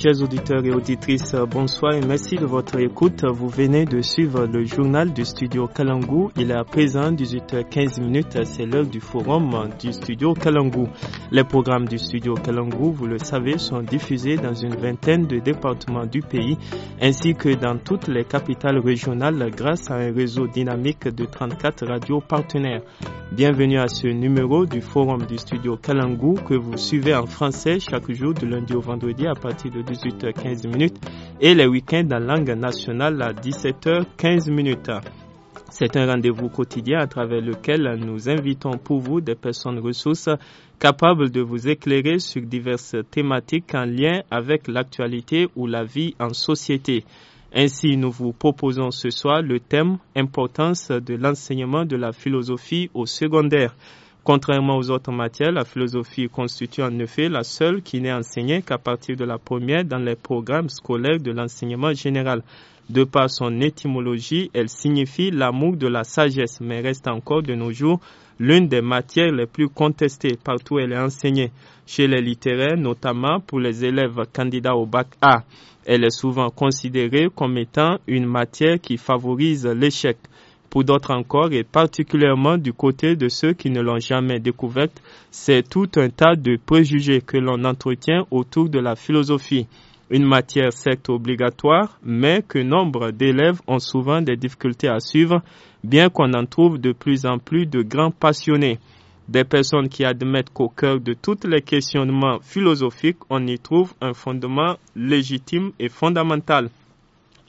Chers auditeurs et auditrices, euh, bonsoir et merci de votre écoute. Vous venez de suivre le journal du studio Kalangou. Il est à présent 18h15 C'est l'heure du forum du studio Kalangou. Les programmes du studio Kalangou, vous le savez, sont diffusés dans une vingtaine de départements du pays ainsi que dans toutes les capitales régionales grâce à un réseau dynamique de 34 radios partenaires. Bienvenue à ce numéro du forum du studio Kalangu que vous suivez en français chaque jour de lundi au vendredi à partir de 18h15 et les week-ends langue nationale à 17h15 C'est un rendez-vous quotidien à travers lequel nous invitons pour vous des personnes ressources capables de vous éclairer sur diverses thématiques en lien avec l'actualité ou la vie en société. Ainsi, nous vous proposons ce soir le thème Importance de l'enseignement de la philosophie au secondaire. Contrairement aux autres matières, la philosophie constitue en effet la seule qui n'est enseignée qu'à partir de la première dans les programmes scolaires de l'enseignement général. De par son étymologie, elle signifie l'amour de la sagesse, mais reste encore de nos jours l'une des matières les plus contestées partout où elle est enseignée, chez les littéraires notamment pour les élèves candidats au bac A. Elle est souvent considérée comme étant une matière qui favorise l'échec. Pour d'autres encore, et particulièrement du côté de ceux qui ne l'ont jamais découverte, c'est tout un tas de préjugés que l'on entretient autour de la philosophie. Une matière certes obligatoire, mais que nombre d'élèves ont souvent des difficultés à suivre, bien qu'on en trouve de plus en plus de grands passionnés. Des personnes qui admettent qu'au cœur de tous les questionnements philosophiques, on y trouve un fondement légitime et fondamental.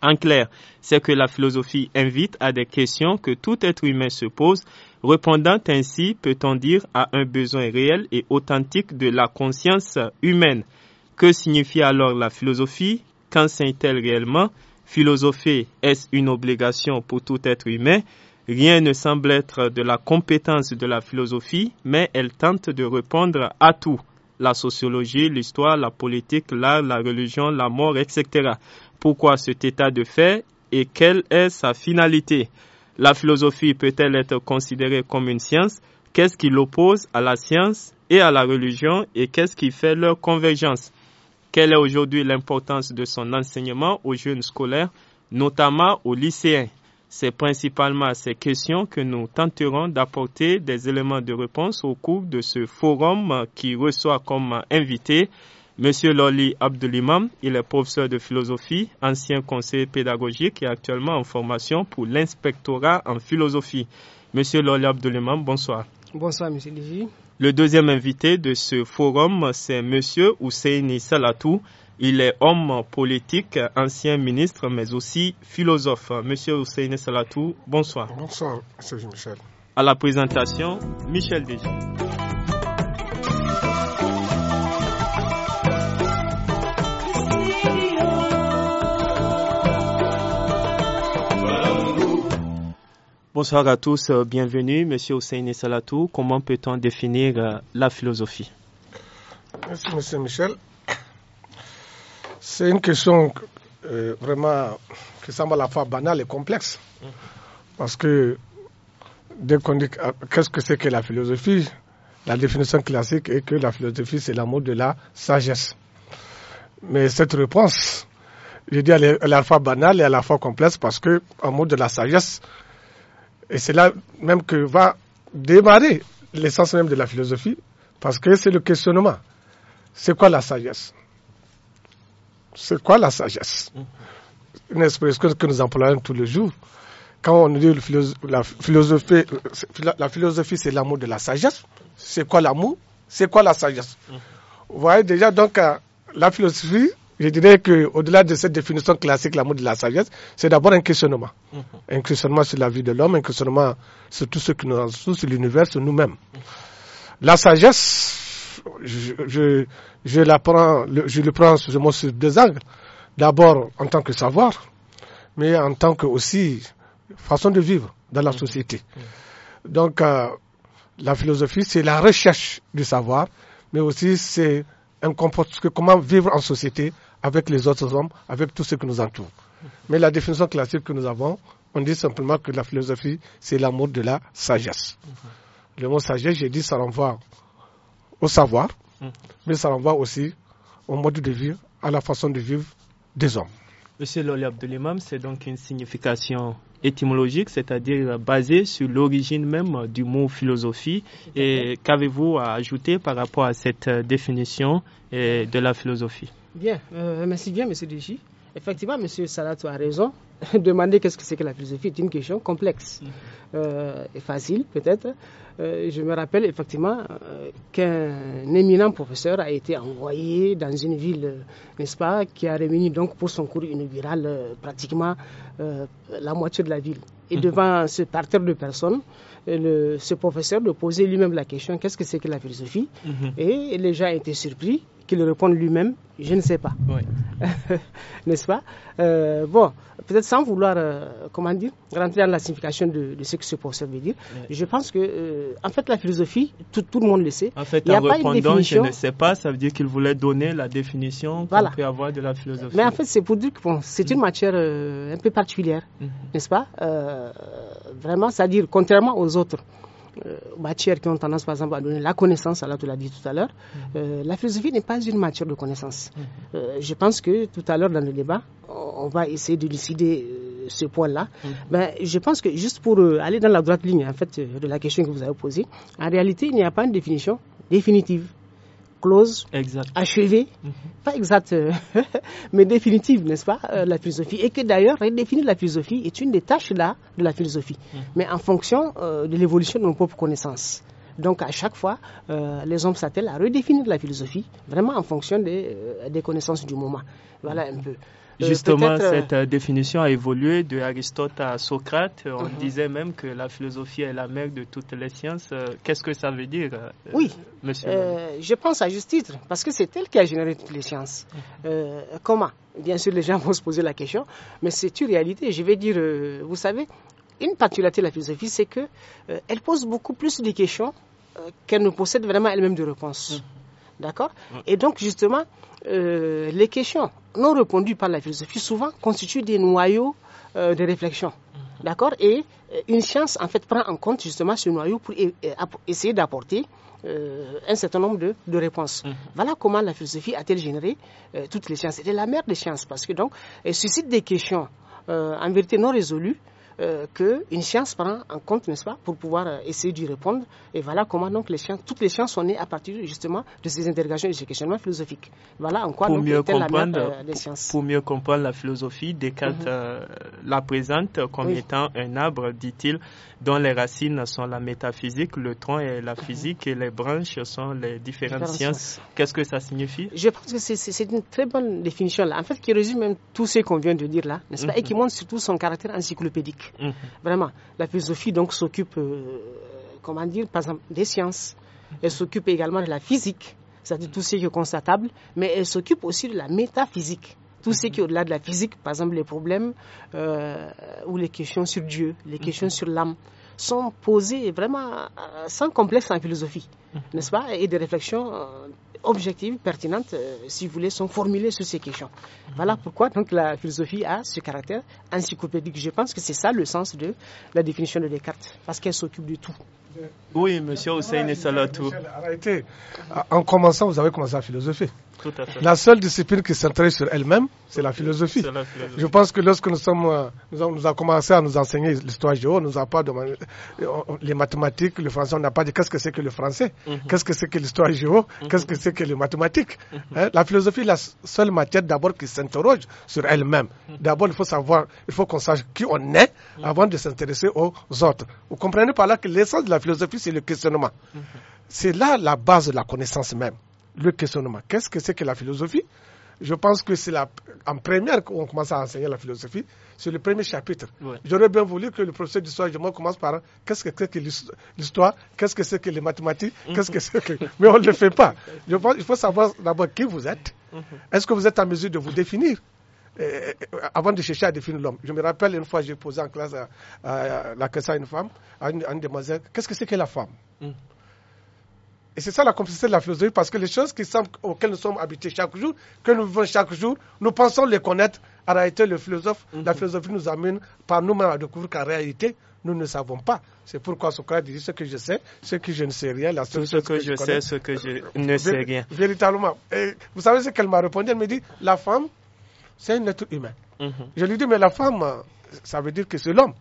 En clair, c'est que la philosophie invite à des questions que tout être humain se pose, répondant ainsi, peut-on dire, à un besoin réel et authentique de la conscience humaine. Que signifie alors la philosophie Qu'enseigne-t-elle réellement Philosopher, est-ce une obligation pour tout être humain Rien ne semble être de la compétence de la philosophie, mais elle tente de répondre à tout la sociologie, l'histoire, la politique, l'art, la religion, la mort, etc pourquoi cet état de fait et quelle est sa finalité. La philosophie peut-elle être considérée comme une science Qu'est-ce qui l'oppose à la science et à la religion et qu'est-ce qui fait leur convergence Quelle est aujourd'hui l'importance de son enseignement aux jeunes scolaires, notamment aux lycéens C'est principalement à ces questions que nous tenterons d'apporter des éléments de réponse au cours de ce forum qui reçoit comme invité Monsieur Loli Abdelimam, il est professeur de philosophie, ancien conseiller pédagogique et actuellement en formation pour l'inspectorat en philosophie. Monsieur Loli Abdelimam, bonsoir. Bonsoir, monsieur Lévy. Le deuxième invité de ce forum, c'est monsieur Hussein Salatou. Il est homme politique, ancien ministre, mais aussi philosophe. Monsieur Hussein Salatou, bonsoir. Bonsoir, monsieur Michel. À la présentation, Michel Diji. Bonsoir à tous, euh, bienvenue, Monsieur Hussein Salatou. Comment peut-on définir euh, la philosophie Merci, Monsieur Michel. C'est une question euh, vraiment qui semble à la fois banale et complexe. Parce que dès qu'on dit ah, qu'est-ce que c'est que la philosophie, la définition classique est que la philosophie, c'est l'amour de la sagesse. Mais cette réponse, je dis, à la fois banale et à la fois complexe parce que, mot de la sagesse, et c'est là même que va démarrer l'essence même de la philosophie, parce que c'est le questionnement. C'est quoi la sagesse C'est quoi la sagesse Une expression que nous employons tous les jours. Quand on dit la philosophie, la philosophie c'est l'amour de la sagesse. C'est quoi l'amour C'est quoi la sagesse Vous voyez déjà, donc, euh, la philosophie, je dirais que, au delà de cette définition classique, l'amour de la sagesse, c'est d'abord un questionnement. Mhm. Un questionnement sur la vie de l'homme, un questionnement sur tout ce qui nous entoure, sur l'univers, sur nous-mêmes. La sagesse, je, je, la prends, je le prends sur deux angles. D'abord en tant que savoir, mais en tant que aussi façon de vivre dans la mhm. société. Mhm. Donc, euh, la philosophie, c'est la recherche du savoir, mais aussi c'est un comportement, comment vivre en société avec les autres hommes, avec tout ce qui nous entoure. Mais la définition classique que nous avons, on dit simplement que la philosophie, c'est l'amour de la sagesse. Le mot sagesse, j'ai dit, ça renvoie au savoir, mais ça renvoie aussi au mode de vie, à la façon de vivre des hommes. Monsieur Loli Abdelimam, c'est donc une signification étymologique, c'est-à-dire basée sur l'origine même du mot philosophie. Et qu'avez-vous à ajouter par rapport à cette définition eh, de la philosophie Bien, euh, merci bien, monsieur Déchi. Effectivement, monsieur Salato a raison. Demander qu'est-ce que c'est que la philosophie est une question complexe mhm. euh, et facile, peut-être. Euh, je me rappelle effectivement qu'un éminent professeur a été envoyé dans une ville, n'est-ce pas, qui a réuni donc pour son cours inaugural pratiquement la moitié de la ville. Et devant ce parterre de personnes, ce professeur de poser lui-même la question qu'est-ce que c'est que la philosophie mhm. Et les gens étaient surpris qu'il réponde lui-même je ne sais pas. N'est-ce pas euh, Bon, peut-être sans vouloir, euh, comment dire, rentrer dans la signification de, ce que ce professeur veut dire, je pense que, euh, en fait, la philosophie, tout, tout, le monde le sait. En fait, il en a je ne sais pas, ça veut dire qu'il voulait donner la définition qu'on peut avoir de la philosophie. Mais en fait, c'est pour dire que bon, c'est une mhm. matière un peu particulière, mhm. n'est-ce pas Vraiment, c'est-à-dire, contrairement aux autres, autres euh, matières qui ont tendance, par exemple, à donner la connaissance, alors tu l'as dit tout à l'heure, mhm. euh, la philosophie n'est pas une matière de connaissance. Mhm. Euh, je pense que tout à l'heure, dans le débat, on va essayer de décider ce point-là. Mhm. Ben, je pense que juste pour aller dans la droite ligne, en fait, de la question que vous avez posée, en réalité, il n'y a pas une définition définitive close, exact. Mhm. pas exacte, euh, mais définitive, n'est-ce pas, euh, la philosophie. Et que d'ailleurs, redéfinir la philosophie est une des tâches là de la philosophie, mhm. mais en fonction euh, de l'évolution de nos propres connaissances. Donc à chaque fois, les hommes s'attellent à redéfinir la philosophie, vraiment en fonction des, des connaissances du moment. Voilà un mhm. peu. Euh, Justement, euh, cette euh, définition a évolué de Aristote à Socrate. On mhm. disait même que la philosophie est la mère de toutes les sciences. Qu'est-ce que ça veut dire, oui. monsieur Je pense à juste titre, parce que c'est elle qui a généré toutes les sciences. Mhm. comment Bien sûr, les gens vont se poser la question, mais c'est une réalité. Je vais dire, vous savez, une particularité de la philosophie, c'est que elle pose beaucoup plus de questions qu'elle ne possède vraiment elle-même de réponses. Mhm. D'accord mm. Et donc, justement, euh, les questions non répondues par la philosophie souvent constituent des noyaux euh, de réflexion. Mm. D'accord Et euh, une science, en fait, prend en compte justement ce noyau pour essayer d'apporter un certain nombre de, réponses. Mm. Voilà comment la philosophie a-t-elle généré toutes les sciences. C'était la mère des sciences parce que donc elle suscite des questions en vérité non résolues euh, qu'une science prend en compte, n'est-ce pas, pour pouvoir euh, essayer d'y répondre. Et voilà comment donc les sciences, toutes les sciences sont nées à partir justement de ces interrogations et de ces questionnements philosophiques. Voilà en quoi nous donc, mieux comprendre, la mère, euh, sciences. Pour mieux comprendre la philosophie, Descartes mhm. la présente comme étant un arbre, dit-il, dont les racines sont la métaphysique, le tronc est la physique et les branches sont les différentes sciences. Qu'est-ce que ça signifie Je pense que c'est une très bonne définition là, en fait, qui résume même tout ce qu'on vient de dire là, n'est-ce pas, et qui mhm. montre surtout son caractère encyclopédique. Mhm. Vraiment, la philosophie donc s'occupe, euh, comment dire, par exemple, des sciences. Elle s'occupe également de la physique, c'est-à-dire tout ce qui est constatable, mais elle s'occupe aussi de la métaphysique. Tout ce qui est au-delà de la physique, par exemple les problèmes euh, ou les questions sur Dieu, les mhm. questions sur l'âme, sont posées vraiment euh, sans complexe en philosophie, mhm. n'est-ce pas Et des réflexions euh, objectives, pertinentes, si vous voulez, sont formulées sur ces questions. Mhm. Voilà pourquoi donc la philosophie a ce caractère encyclopédique. Je pense que c'est ça le sens de la définition de Descartes, parce qu'elle s'occupe de tout. Oui, monsieur Hussein Salatou. Arrêtez. En commençant, vous avez commencé à philosopher. La seule discipline qui s'intéresse sur elle-même, c'est la, philosophie. Je pense que lorsque nous sommes, euh, nous avons, commencé à nous enseigner l'histoire géo, nous a pas demandé, euh, les mathématiques, le français, on n'a pas dit qu'est-ce que c'est que le français, mhm. qu'est-ce que c'est que l'histoire géo, mhm. qu'est-ce que c'est que les mathématiques. Mhm. Hein? La philosophie est la seule matière d'abord qui s'interroge sur elle-même. D'abord, il faut savoir, il faut qu'on sache qui on est avant de s'intéresser aux autres. Vous comprenez par là que l'essence de la philosophie, c'est le questionnement. C'est là la base de la connaissance même le questionnement. Qu'est-ce que c'est que la philosophie je pense que c'est en première qu'on commence à enseigner la philosophie, c'est le premier chapitre. J'aurais bien voulu que le professeur d'histoire, commence par qu'est-ce que c'est que l'histoire, qu'est-ce que c'est que les mathématiques, mhm. qu'est-ce que c'est que. Mais on ne le fait pas. il faut savoir d'abord qui vous êtes. Mhm. Est-ce que vous êtes en mesure de vous définir avant de chercher à définir l'homme. Je me rappelle une fois, j'ai posé en classe la question à une femme, à une, qu'est-ce que c'est que la femme mhm. Et c'est ça la complexité de la philosophie, parce que les choses qui semblent, auxquelles nous sommes habités chaque jour, que nous vivons chaque jour, nous pensons les connaître. En réalité, le philosophe, mhm. la philosophie nous amène par nous-mêmes à découvrir qu'en réalité, nous ne savons pas. C'est pourquoi Socrate dit ce que je sais, ce que je ne sais rien, la ce que, je, sais, ce que je ne sais rien. Véritablement. vous savez ce qu'elle m'a répondu Elle me dit la femme, c'est un être humain. Mhm. Je lui dis mais la femme, ça veut dire que c'est l'homme.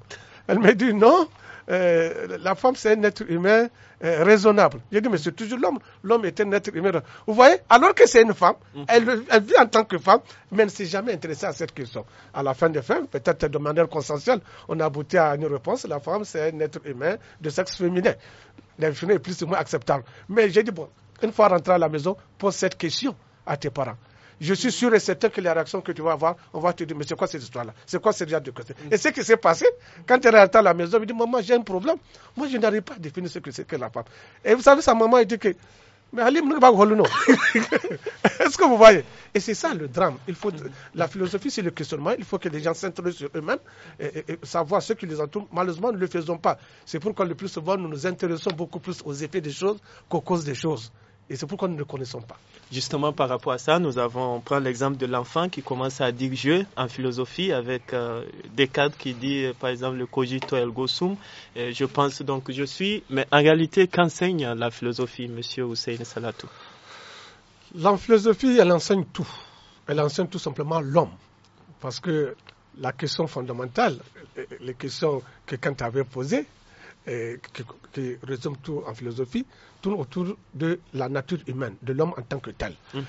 Elle me dit non, euh, la femme, c'est un être humain euh, raisonnable. j'ai dit mais c'est toujours l'homme. L'homme est un être humain. Vous voyez Alors que c'est une femme, mm. elle, vit en tant que femme, mais elle ne s'est jamais intéressée à cette question. À la fin des fins, peut-être de manière consensuelle, on a abouti à une réponse. La femme, c'est un être humain de sexe féminin. L'infini est plus ou moins acceptable. Mais j'ai dit, bon, une fois rentré à la maison, pose cette question à tes parents je suis sûr et certain que les réactions que tu vas avoir, on va te dire, mais c'est quoi cette histoire-là C'est quoi ces genre de question Et ce qui s'est passé, quand elle est à la maison, il dit, maman, j'ai un problème. Moi, je n'arrive pas à définir ce que c'est que la pape. Et vous savez, sa maman, elle dit que, mais Ali Est-ce que vous voyez Et c'est ça le drame. Il faut, la philosophie, c'est le questionnement. Il faut que les gens s'intéressent sur eux-mêmes et, et, et, savoir ce qui les entoure. Malheureusement, nous ne le faisons pas. C'est pourquoi le plus souvent, nous nous intéressons beaucoup plus aux effets des choses qu'aux causes des choses. Et c'est pourquoi nous ne le connaissons pas. Justement, par rapport à ça, nous avons, on prend l'exemple de l'enfant qui commence à dire « je » en philosophie avec Descartes euh, des cadres qui dit, euh, par exemple, le cogito ergo sum. je pense donc que je suis. Mais en réalité, qu'enseigne la philosophie, M. Hussein Salatou La philosophie, elle enseigne tout. Elle enseigne tout simplement l'homme. Parce que la question fondamentale, les questions que Kant avait posées, qui, résume tout en philosophie, tourne autour de la nature humaine, de l'homme en tant que tel. Mm.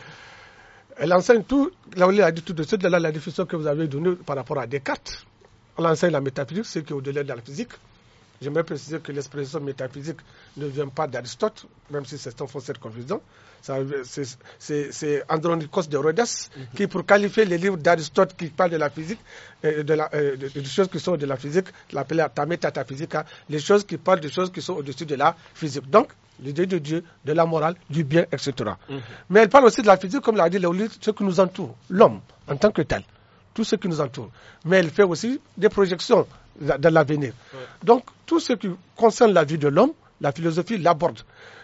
Elle enseigne tout, là l'a dit tout de suite, là, la définition que vous avez donnée par rapport à Descartes. Elle enseigne la métaphysique, ce qui est au-delà de la physique. J'aimerais préciser que l'expression métaphysique ne vient pas d'Aristote, même si c'est un cette confusion. C'est Andronikos de Rhodes mhm. qui, pour qualifier les livres d'Aristote qui parlent de la physique, euh, euh, des choses qui sont de la physique, l'appelait *physica*, les choses qui parlent des choses qui sont au-dessus de la physique. Donc, l'idée de Dieu, de la morale, du bien, etc. Mhm. Mais elle parle aussi de la physique, comme l'a dit Léolith, ce qui nous entoure, l'homme en tant que tel, tout ce qui nous entoure. Mais elle fait aussi des projections dans l'avenir. Donc, tout ce qui concerne la vie de l'homme, la philosophie l'aborde.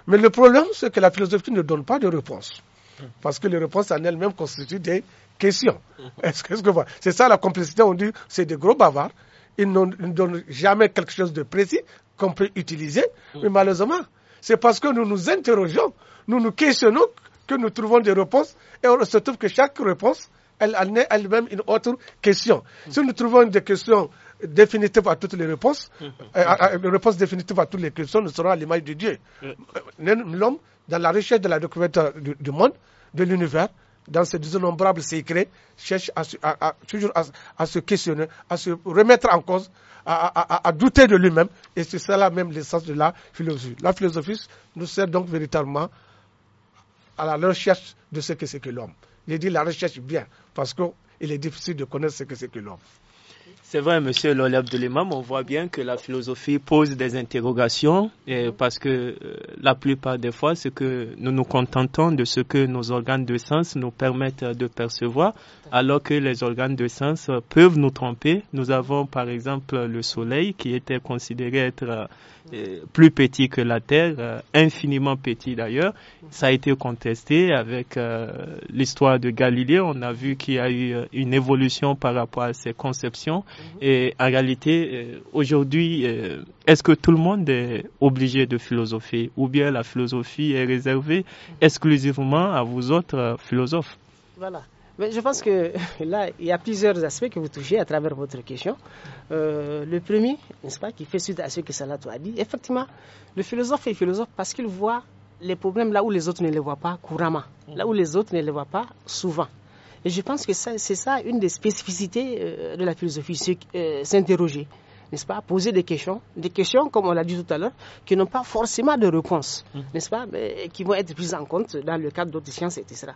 Mais le problème, c'est que la philosophie ne donne pas de réponse. Hmm. Parce que les réponses en elles-mêmes constituent des questions. Hmm. Est-ce que, C'est ça la complexité. On dit c'est des gros bavards. Ils ne donnent jamais quelque chose de précis qu'on peut utiliser. Hmm. Mais malheureusement, c'est parce que nous nous interrogeons, nous nous questionnons que nous trouvons des réponses. Et on se trouve que chaque réponse, elle en est elle-même une autre question. Si nous trouvons des questions définitive à toutes les réponses, hum. euh, définitives à toutes les questions ne seront à l'image de Dieu. Euh. Euh, l'homme, dans la recherche de la découverte du, monde, de l'univers, dans ses innombrables secrets, cherche à, toujours à, à, se questionner, à se remettre en cause, à, douter de lui-même. Et c'est cela même l'essence de la philosophie. La philosophie nous sert donc véritablement à la recherche de ce que c'est que l'homme. Il dit la recherche bien, parce qu'il est difficile de connaître ce que c'est que l'homme. C'est vrai, monsieur de l'Imam, on voit bien que la philosophie pose des interrogations parce que euh, la plupart des fois, ce que nous nous contentons de ce que nos organes de sens nous permettent de percevoir, alors que les organes de sens peuvent nous tromper. Nous avons par exemple le soleil qui était considéré être euh, plus petit que la Terre, euh, infiniment petit d'ailleurs. Ça a été contesté avec euh, l'histoire de Galilée. On a vu qu'il y a eu euh, une évolution par rapport à ses conceptions. Mm-hmm. Et en réalité, aujourd'hui, est-ce que tout le monde est obligé de philosopher ou bien la philosophie est réservée mm-hmm. exclusivement à vous autres philosophes Voilà je pense que là, il y a plusieurs aspects que vous touchez à travers votre question. Euh, le premier, n'est-ce pas, qui fait suite à ce que Salato a dit, effectivement, le philosophe est philosophe parce qu'il voit les problèmes là où les autres ne les voient pas couramment, là où les autres ne les voient pas souvent. Et je pense que c'est ça une des spécificités euh, de la philosophie, euh, s'interroger n'est-ce pas, poser des questions, des questions, comme on l'a dit tout à l'heure, qui n'ont pas forcément de réponse, mhm. n'est-ce pas, mais qui vont être prises en compte dans le cadre d'autres sciences, etc.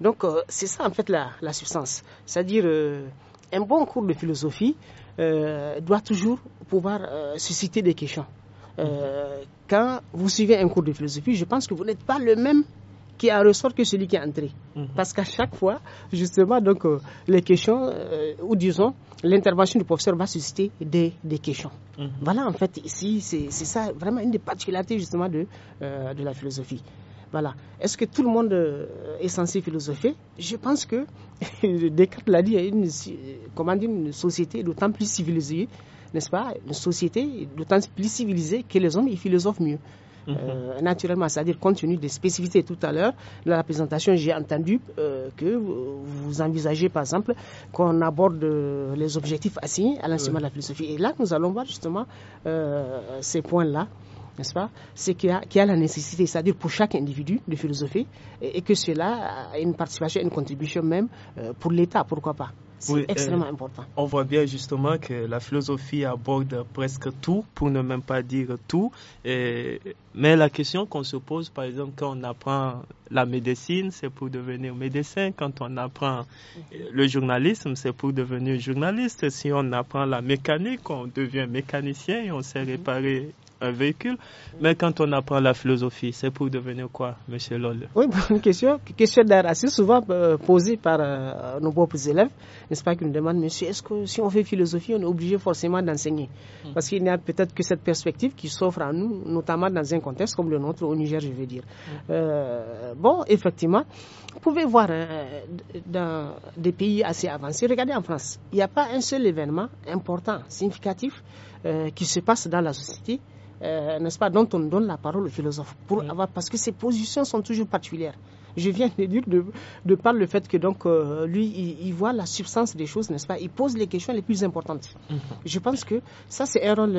Donc, euh, c'est ça, en fait, la, substance. C'est-à-dire, euh, un bon cours de philosophie euh, doit toujours pouvoir susciter des questions. Mhm. Quand vous suivez un cours de philosophie, je pense que vous n'êtes pas le même qui en ressort que celui qui est entré. Mhm. Parce qu'à chaque fois, justement, donc, les questions, ou disons, l'intervention du professeur va susciter des, des questions. Mhm. Voilà, en fait, ici, c'est ça vraiment une des particularités justement de, euh, de la philosophie. Voilà. Est-ce que tout le monde euh, est censé philosopher Je pense que Descartes l'a dit, une, euh, comment dire, une société d'autant plus civilisée, n'est-ce pas Une société d'autant plus civilisée que les hommes, ils philosophent mieux. Euh, naturellement, c'est-à-dire compte tenu des spécificités tout à l'heure, dans la présentation, j'ai entendu euh, que vous envisagez, par exemple, qu'on aborde euh, les objectifs assignés à l'enseignement de la philosophie. Et là, nous allons voir justement ces points-là n'est-ce pas C'est qu'il y, a la nécessité, c'est-à-dire pour chaque individu de philosophie, et, que cela a une participation, une contribution même pour l'État, pourquoi pas c'est extrêmement euh, important. On voit bien justement que la philosophie aborde presque tout, pour ne même pas dire tout. mais la question qu'on se pose, par exemple, quand on apprend la médecine, c'est pour devenir médecin. Quand on apprend euh, le journalisme, c'est pour devenir journaliste. Si on apprend la mécanique, on devient mécanicien et on sait mhm. réparer un véhicule. Mais quand on apprend la philosophie, c'est pour devenir quoi, Monsieur Lolle? Oui, bonne question. Question d'ailleurs assez souvent euh, posée par euh, nos propres élèves, n'est-ce pas, qui nous demandent, Monsieur, est-ce que si on fait philosophie, on est obligé forcément d'enseigner hmm. Parce qu'il n'y a peut-être que cette perspective qui s'offre à nous, notamment dans un contexte comme le nôtre au Niger, je veux dire. Hmm. Euh, bon, effectivement, vous pouvez voir euh, dans des pays assez avancés. Regardez en France, il n'y a pas un seul événement important, significatif euh, qui se passe dans la société, euh, n'est-ce pas, dont on donne la parole au philosophe. pour parce que ses positions sont toujours particulières. Je viens de dire de, de par le fait que donc euh, lui il, voit la substance des choses, n'est-ce pas Il pose les questions les plus importantes. Mhm. Je pense que ça c'est un rôle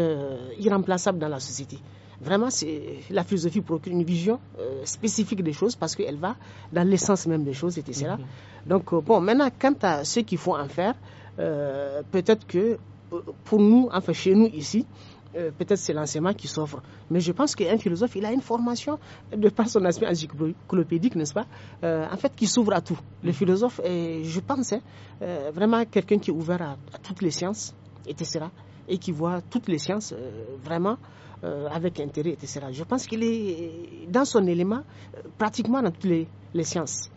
irremplaçable dans la société vraiment, la philosophie procure une vision spécifique des choses parce qu'elle va dans l'essence même des choses, etc. Mhm. Donc, bon, maintenant, quant à ce qu'il faut en faire, peut-être que euh, pour nous, enfin chez nous ici, euh, peut-être c'est l'enseignement qui s'ouvre. Mais je pense qu'un philosophe, il a une formation de par son aspect encyclopédique, n'est-ce pas euh, En fait, qui s'ouvre à tout. Le mm-hmm. philosophe est, je pense, est hein, vraiment quelqu'un qui est ouvert à, toutes les sciences, etc., et qui voit toutes les sciences vraiment euh, avec intérêt, etc. Je pense qu'il est euh, dans son élément euh, pratiquement dans toutes les, sciences.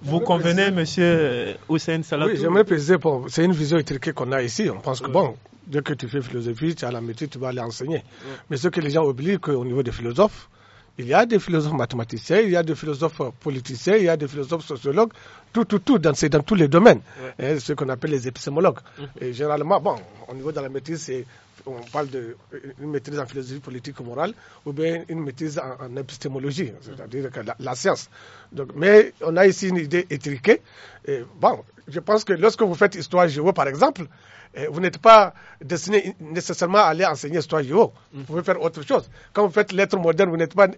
Vous convenez, monsieur Hussein Salatou Oui, j'aimerais préciser, c'est une vision étriquée qu'on a ici. On pense que, bon, dès que tu fais philosophie, tu as la métier, tu vas aller enseigner. Mm. Mais ce que les gens oublient, qu'au niveau des philosophes, il y a des philosophes mathématiciens, il y a des philosophes politiciens, il y a des philosophes sociologues, tout, tout, tout, dans, dans tous les domaines. ce qu'on appelle les épistémologues. Mm. Et généralement, bon, au niveau de la maîtrise, c'est on parle d'une euh, maîtrise en philosophie politique morale ou bien une maîtrise en, épistémologie, c'est-à-dire la, science. Donc, mais on a ici une idée étriquée. Et bon, je pense que lorsque vous faites histoire géo, par exemple, eh, vous n'êtes pas destiné nécessairement à aller enseigner histoire géo. Vous pouvez faire autre chose. Quand vous faites lettres modernes, vous n'êtes pas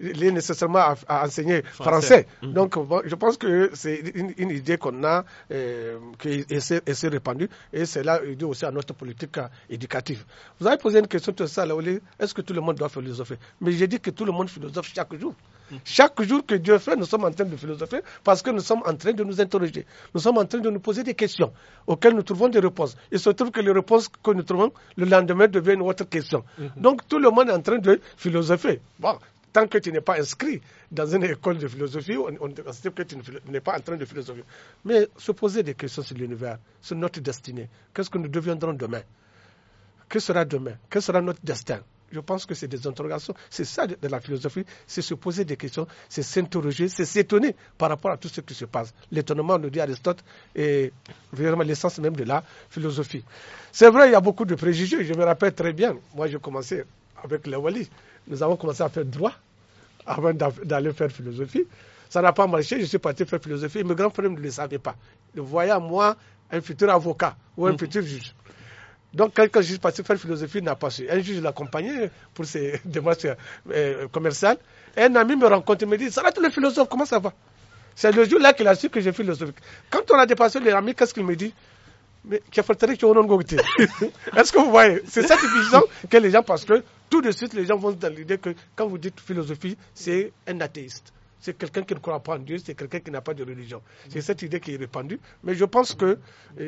eh, nécessairement à, enseigner français. Mhm. Donc, je pense que c'est une, idée qu'on a, euh, qui s'est répandue, et c'est là dû aussi à notre politique eh, éducative. Vous avez posé une question sur ça, Est-ce que tout le monde doit philosopher Mais j'ai dit que tout le monde philosophe chaque jour. Chaque jour que Dieu fait, nous sommes en train de philosopher parce que nous sommes en train de nous interroger. Nous sommes en train de nous poser des questions auxquelles nous trouvons des réponses. Il se trouve que les réponses que nous trouvons le lendemain deviennent une autre question. Mhm. Donc tout le monde est en train de philosopher. tant que tu n'es pas inscrit dans une école de philosophie, on, considère que tu n'es pas en train de philosopher. Mais se poser des questions sur l'univers, sur notre destinée. Qu'est-ce que nous deviendrons demain Que sera demain Quel sera notre destin je pense que c'est des interrogations. C'est ça de, la philosophie, c'est se poser des questions, c'est s'interroger, c'est s'étonner par rapport à tout ce qui se passe. L'étonnement, nous dit Aristote, est vraiment l'essence même de la philosophie. C'est vrai, il y a beaucoup de préjugés. Je me rappelle très bien, moi j'ai commencé avec les Wali. Nous avons commencé à faire droit avant d'aller faire philosophie. Ça n'a pas marché, je suis parti faire philosophie. Mes grands frères ne le savaient pas. Ils voyaient à moi un futur avocat ou un mm-hmm. futur juge. Donc, quelqu'un juste passé faire philosophie n'a pas su. Un juge l'accompagnait pour ses démarches euh, euh, commerciales. un ami me rencontre et me dit ça va tous le philosophe, comment ça va C'est le jour-là qu'il a su que j'ai philosophique. Quand on a dépassé les amis, qu'est-ce qu'il me dit mais Est-ce que vous voyez C'est satisfaisant que les gens, parce que tout de suite, les gens vont dans l'idée que quand vous dites philosophie, c'est un athéiste c'est quelqu'un qui ne croit pas en Dieu, c'est quelqu'un qui n'a pas de religion. C'est cette idée qui est répandue. Mais je pense que, euh,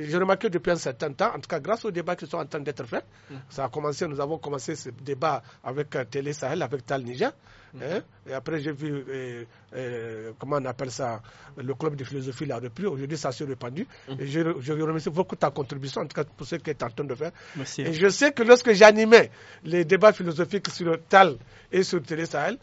j'ai remarqué depuis un certain temps, en tout cas grâce aux débats qui sont en train d'être faits, mm. ça a commencé, nous avons commencé ce débat avec euh, Télé Sahel, avec Tal Niger. Mm. Hein. Et après, j'ai vu, euh, comment on appelle ça, le club de philosophie l'a repris. Aujourd'hui, ça s'est répandu. Mm. je, vous remercie beaucoup ta contribution, en tout cas pour ce que tu es en train de faire. Merci. Et je sais que lorsque j'animais les débats philosophiques sur Tal et sur Télé Sahel,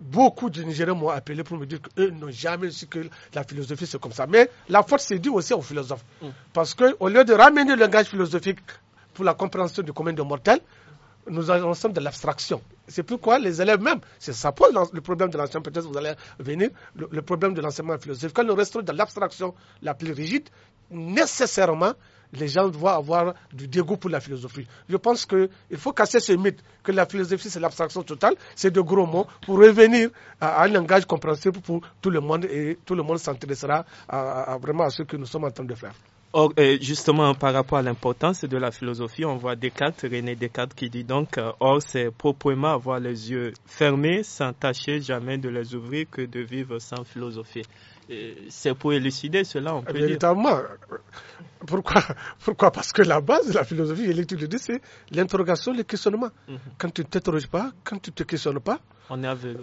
beaucoup de Nigériens m'ont appelé pour me dire qu'eux n'ont jamais su que la philosophie c'est comme ça. Mais la force c'est due aussi aux philosophes. Mm. parce Parce qu'au lieu de ramener le langage philosophique pour la compréhension du commun de mortels, nous sommes de l'abstraction. C'est pourquoi les élèves même, c'est ça pose le problème de l'enseignement, peut-être vous allez venir, le, le problème de l'enseignement philosophique. Quand nous restons dans l'abstraction la plus rigide, nécessairement, les gens doivent avoir du dégoût pour la philosophie. Je pense qu'il faut casser ce mythe que la philosophie, c'est l'abstraction totale, c'est de gros mots, pour revenir à, un langage compréhensible pour tout le monde et tout le monde s'intéressera vraiment à ce que nous sommes en train de faire. Or, oh, justement, par rapport à l'importance de la philosophie, on voit Descartes, René Descartes, qui dit donc, euh, or, c'est proprement avoir les yeux fermés, sans tâcher jamais de les ouvrir que de vivre sans philosophie c'est pour élucider cela, on peut Véritablement. Pourquoi, Pourquoi Parce que la base de la philosophie, et l'étude de c'est l'interrogation, le questionnement. Mhm. Quand tu ne t'interroges pas, quand tu ne te questionnes pas,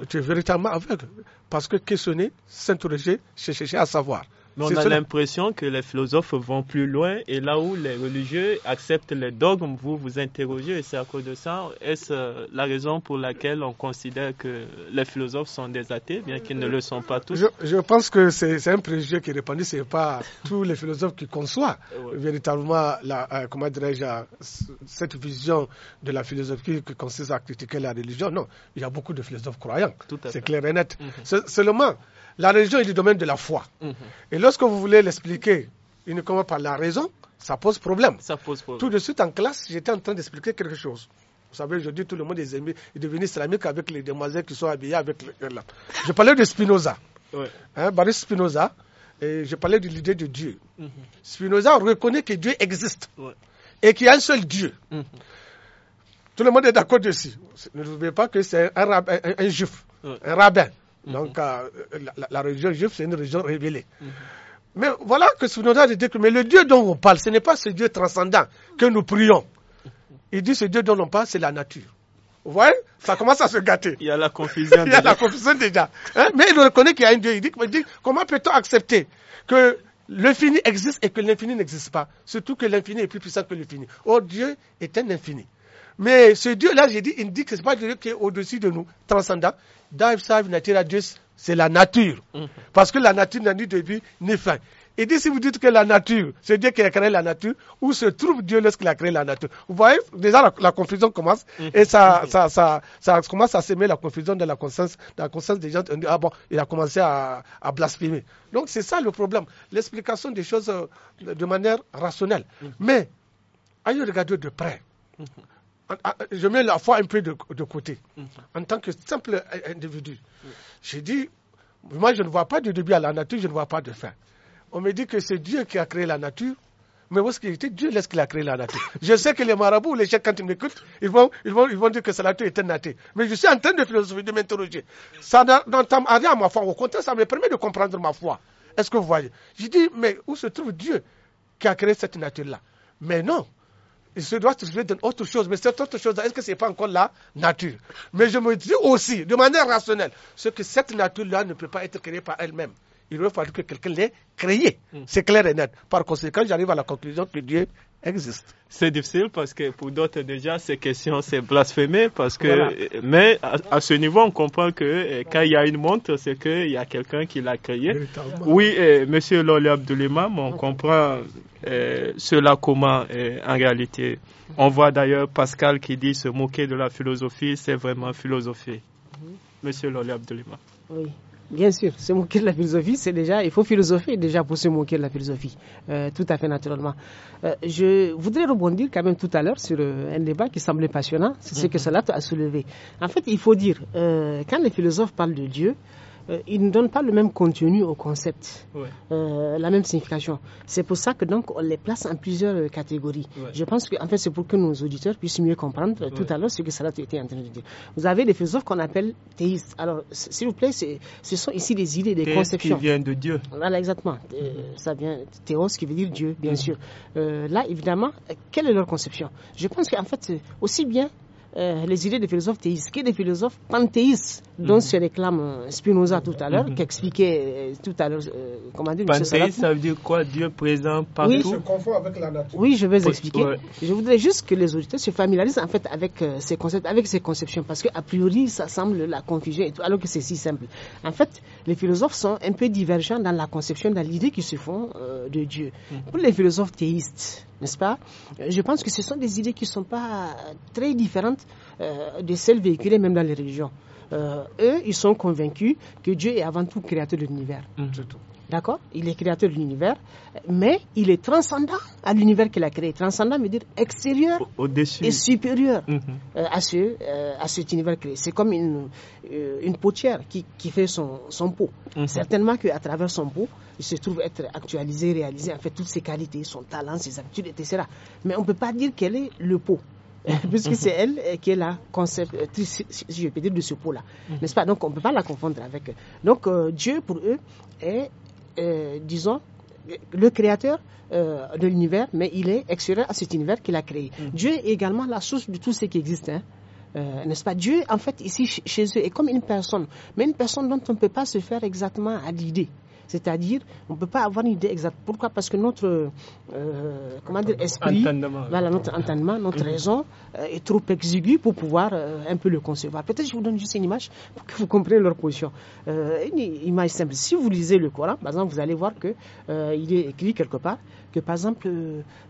tu es véritablement aveugle. Parce que questionner, s'interroger, chercher à savoir on a l'impression que les philosophes vont plus loin et là où les religieux acceptent les dogmes, vous vous interrogez et c'est à cause de ça. Est-ce euh, la raison pour laquelle on considère que les philosophes sont des athées, bien qu'ils ne le sont pas tous je, je pense que c'est, un préjugé qui est répandu. Ce n'est pas tous les philosophes qui conçoivent véritablement la, euh, comment cette vision de la philosophie qui consiste à critiquer la religion. Non, il y a beaucoup de philosophes croyants. c'est clair et net. Mm-hmm. Seulement, la religion est du domaine de la foi. Mhm. Et lorsque vous voulez l'expliquer uniquement par la raison, ça pose problème. Ça pose Tout de suite en classe, j'étais en train d'expliquer quelque chose. Vous savez, aujourd'hui, tout le monde est, est, devenu islamique avec les demoiselles qui sont habillées avec Je parlais de Spinoza. Ouais. Hein, Baris Spinoza, et je parlais de l'idée de Dieu. Mhm. Spinoza reconnaît que Dieu existe et qu'il y a un seul Dieu. Mhm. Tout le monde est d'accord dessus. Ne vous oubliez pas que c'est un, un, juif, un rabbin. Mm-hmm. Donc, euh, la, religion juive, c'est une religion révélée. Mm-hmm. Mais voilà que de dit que mais le Dieu dont on parle, ce n'est pas ce Dieu transcendant que nous prions. Il dit ce Dieu dont on parle, c'est la nature. Vous voyez Ça commence à se gâter. Il y a la confusion. il y a la confusion déjà. Hein? Mais il reconnaît qu'il y a un Dieu. Il dit, il dit comment peut-on accepter que l'infini existe et que l'infini n'existe pas Surtout que l'infini est plus puissant que l'infini. fini. Or, Dieu est un infini. Mais ce Dieu-là, j'ai dit, il dit que ce n'est pas Dieu qui est au-dessus de nous, transcendant. c'est la nature. Mm-hmm. Parce que la nature n'a ni début ni fin. Il dit, si vous dites que la nature, c'est Dieu qui a créé la nature, où se trouve Dieu lorsqu'il a créé la nature Vous voyez, déjà la, confusion commence mm-hmm. et ça, commence à semer la confusion dans la conscience, la conscience des gens. ah bon, il a commencé à, blasphémer. Donc c'est ça le problème, l'explication des choses euh, de manière rationnelle. Mm-hmm. Mais, allez regarder de près. Ah, je mets la foi un peu de, de côté, mhm. en tant que simple euh, individu. J'ai dit, moi je ne vois pas du début à la nature, je ne vois pas de fin. On me dit que c'est Dieu qui a créé la nature, mais où est-ce qu'il était Dieu laisse qu'il a créé la nature. Je sais que les marabouts, les chèques, quand ils m'écoutent, ils vont, ils, vont, ils vont dire que c'est la nature est un Mais je suis en train de philosopher, de m'interroger. Ça n'entame rien à ma foi. Au contraire, ça me permet de comprendre ma foi. Est-ce que vous voyez Je dis, mais où se trouve Dieu qui a créé cette nature-là Mais non, il doit doit trouver autre chose. Mais cette autre chose, est-ce que ce n'est pas encore la nature Mais je me dis aussi, de manière rationnelle, ce que cette nature-là ne peut pas être créée par elle-même il aurait fallu que quelqu'un l'ait créé. Hmm. C'est clair et net. Par conséquent, j'arrive à la conclusion que Dieu existe. C'est difficile parce que pour d'autres déjà ces questions c'est blasphémé parce que mais à, ce niveau on comprend que euh, quand il y a une montre c'est qu'il y a quelqu'un qui l'a créée. Oui, M. Euh, Monsieur Loli Abdoulimam, on comprend euh, cela comment en réalité. On voit d'ailleurs Pascal qui dit se moquer de la philosophie c'est vraiment philosophie. Mhm. Monsieur Loli Abdoulimam. Oui. Bien sûr, se moquer de la philosophie, c'est déjà, il faut philosopher déjà pour se moquer de la philosophie, euh, tout à fait naturellement. Euh, je voudrais rebondir quand même tout à l'heure sur euh, un débat qui semblait passionnant, c'est ce que cela mhm. a soulevé. En fait, il faut dire, quand les philosophes parlent de Dieu, euh, ils ne donnent pas le même contenu au concept, euh, la même signification. C'est pour ça que donc on les place en plusieurs euh, catégories. Je pense que en fait c'est pour que nos auditeurs puissent mieux comprendre tout à l'heure ce que Salat était en train de dire. Vous avez des philosophes qu'on appelle théistes. Alors s'il vous plaît, ce sont ici des idées, des conceptions. qui vient de Dieu. Voilà exactement. Mm-hmm. ça vient théos qui veut dire Dieu, bien mm-hmm. sûr. là évidemment, quelle est leur conception Je pense qu'en fait aussi bien euh, les idées des philosophes théistes, est des philosophes panthéistes, dont mhm. se réclame euh, Spinoza tout à l'heure, mhm. qui expliquait euh, tout à l'heure, comment dire, Panthéiste, ça veut dire quoi Dieu présent partout Oui, je vais expliquer. Je voudrais juste que les auditeurs se familiarisent en fait avec ces concepts, avec ces conceptions, parce qu'a priori, ça semble la confusion, et tout, alors que c'est si simple. En fait, les philosophes sont un peu divergents dans la conception, dans l'idée qu'ils se font de Dieu. Mhm. Pour les philosophes théistes, n'est-ce pas Je pense que ce sont des idées qui ne sont pas très différentes euh, de celles véhiculées même dans les religions. Euh, eux, ils sont convaincus que Dieu est avant tout créateur de l'univers. Mm. D'accord Il est créateur de l'univers, mais il est transcendant à l'univers qu'il a créé. Transcendant veut dire extérieur Au -dessus. et supérieur mhm. euh, à, ce, euh, à cet univers créé. C'est comme une, euh, une potière qui, qui fait son, son pot. Mhm. Certainement qu'à travers son pot, il se trouve être actualisé, réalisé, en fait, toutes ses qualités, son talent, ses aptitudes, etc. Mais on ne peut pas dire quel est le pot. Mhm. puisque c'est elle qui est la conceptrice, si je peux dire, de ce pot-là. N'est-ce pas Donc, on ne peut pas la confondre avec Donc, Dieu, pour eux, est euh, disons, le créateur euh, de l'univers, mais il est extérieur à cet univers qu'il a créé. Mm. Dieu est également la source de tout ce qui existe. Hein. Euh, n'est-ce pas Dieu, en fait, ici, chez eux, est comme une personne, mais une personne dont on ne peut pas se faire exactement à l'idée. C'est-à-dire, on ne peut pas avoir une idée exacte. Pourquoi Parce que notre euh, comment dire, esprit, notre entendement, notre mhm. raison euh, est trop exiguë pour pouvoir euh, un peu le concevoir. Peut-être que je vous donne juste une image pour que vous compreniez leur position. une image simple. Si vous lisez le Coran, par exemple, vous allez voir que il est écrit quelque part que, par exemple,